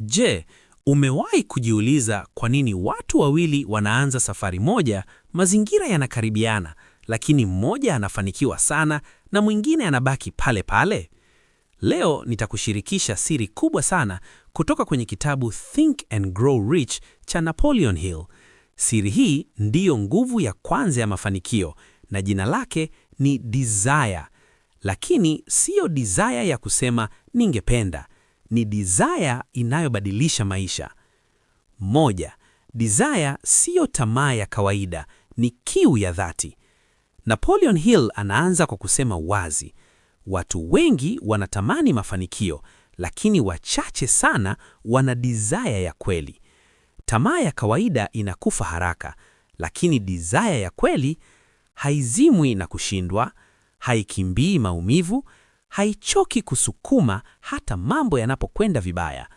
Je, umewahi kujiuliza kwa nini watu wawili wanaanza safari moja, mazingira yanakaribiana, lakini mmoja anafanikiwa sana na mwingine anabaki pale pale? Leo nitakushirikisha siri kubwa sana kutoka kwenye kitabu Think and Grow Rich cha Napoleon Hill. Siri hii ndiyo nguvu ya kwanza ya mafanikio na jina lake ni desire, lakini siyo desire ya kusema ningependa ni desire inayobadilisha maisha. Moja, desire siyo tamaa ya kawaida, ni kiu ya dhati. Napoleon Hill anaanza kwa kusema wazi, watu wengi wanatamani mafanikio, lakini wachache sana wana desire ya kweli. Tamaa ya kawaida inakufa haraka, lakini desire ya kweli haizimwi na kushindwa, haikimbii maumivu haichoki kusukuma hata mambo yanapokwenda vibaya.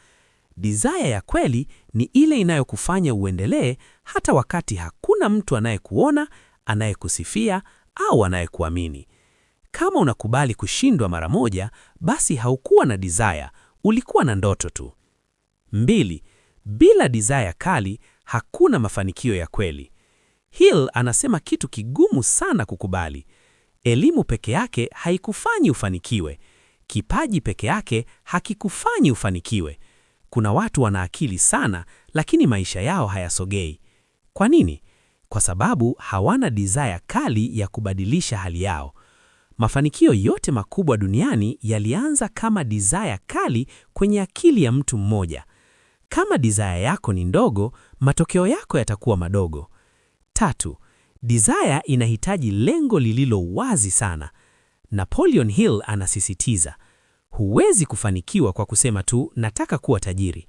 Desire ya kweli ni ile inayokufanya uendelee hata wakati hakuna mtu anayekuona, anayekusifia au anayekuamini. Kama unakubali kushindwa mara moja, basi haukuwa na desire, ulikuwa na ndoto tu. Mbili, bila desire kali hakuna mafanikio ya kweli. Hill anasema kitu kigumu sana kukubali. Elimu peke yake haikufanyi ufanikiwe. Kipaji peke yake hakikufanyi ufanikiwe. Kuna watu wana akili sana, lakini maisha yao hayasogei. Kwa nini? Kwa sababu hawana desire kali ya kubadilisha hali yao. Mafanikio yote makubwa duniani yalianza kama desire kali kwenye akili ya mtu mmoja. Kama desire yako ni ndogo, matokeo yako yatakuwa madogo. Tatu, Desire inahitaji lengo lililo wazi sana. Napoleon Hill anasisitiza, huwezi kufanikiwa kwa kusema tu nataka kuwa tajiri.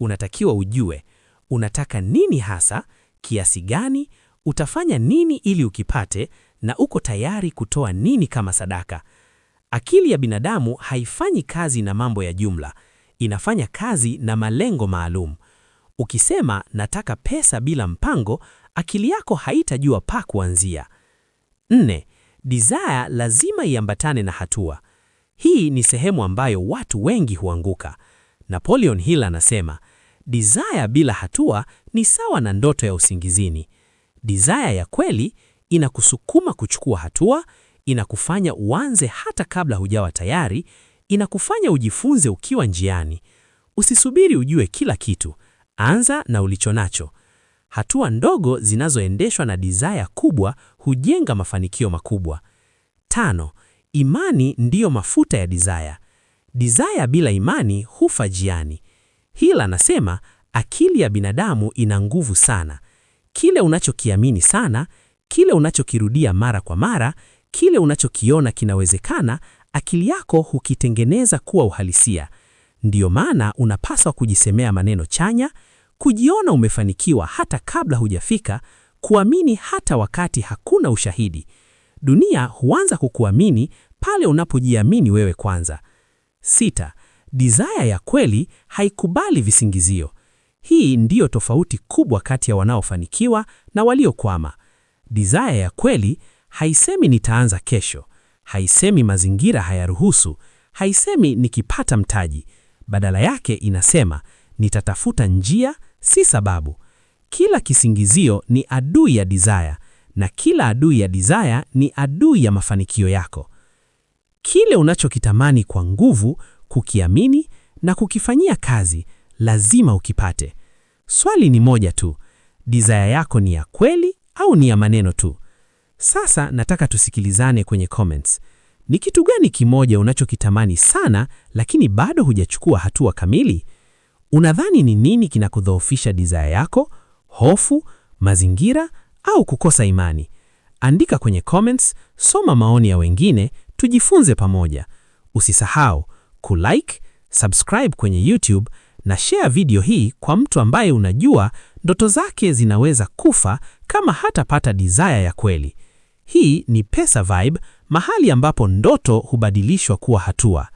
Unatakiwa ujue unataka nini hasa, kiasi gani, utafanya nini ili ukipate, na uko tayari kutoa nini kama sadaka. Akili ya binadamu haifanyi kazi na mambo ya jumla, inafanya kazi na malengo maalum. Ukisema nataka pesa bila mpango, akili yako haitajua pa kuanzia. Nne, desire lazima iambatane na hatua. Hii ni sehemu ambayo watu wengi huanguka. Napoleon Hill anasema, desire bila hatua ni sawa na ndoto ya usingizini. Desire ya kweli inakusukuma kuchukua hatua, inakufanya uanze hata kabla hujawa tayari, inakufanya ujifunze ukiwa njiani. Usisubiri ujue kila kitu, anza na ulicho nacho. Hatua ndogo zinazoendeshwa na desire kubwa hujenga mafanikio makubwa. Tano, imani ndiyo mafuta ya desire. Desire bila imani hufa jiani. Hill anasema akili ya binadamu ina nguvu sana. Kile unachokiamini sana, kile unachokirudia mara kwa mara, kile unachokiona kinawezekana, akili yako hukitengeneza kuwa uhalisia. Ndiyo maana unapaswa kujisemea maneno chanya kujiona umefanikiwa hata kabla hujafika, kuamini hata wakati hakuna ushahidi. Dunia huanza kukuamini pale unapojiamini wewe kwanza. Sita, desire ya kweli haikubali visingizio. Hii ndiyo tofauti kubwa kati ya wanaofanikiwa na waliokwama. Desire ya kweli haisemi nitaanza kesho, haisemi mazingira hayaruhusu, haisemi nikipata mtaji. Badala yake inasema Nitatafuta njia, si sababu. Kila kisingizio ni adui ya desire, na kila adui ya desire ni adui ya mafanikio yako. Kile unachokitamani kwa nguvu, kukiamini na kukifanyia kazi, lazima ukipate. Swali ni moja tu, desire yako ni ya kweli au ni ya maneno tu? Sasa nataka tusikilizane kwenye comments. Ni kitu gani kimoja unachokitamani sana lakini bado hujachukua hatua kamili? Unadhani ni nini kinakudhoofisha desire yako? Hofu, mazingira au kukosa imani? Andika kwenye comments, soma maoni ya wengine, tujifunze pamoja. Usisahau kulike, subscribe kwenye YouTube na share video hii kwa mtu ambaye unajua ndoto zake zinaweza kufa kama hatapata desire ya kweli. Hii ni Pesa Vibe, mahali ambapo ndoto hubadilishwa kuwa hatua.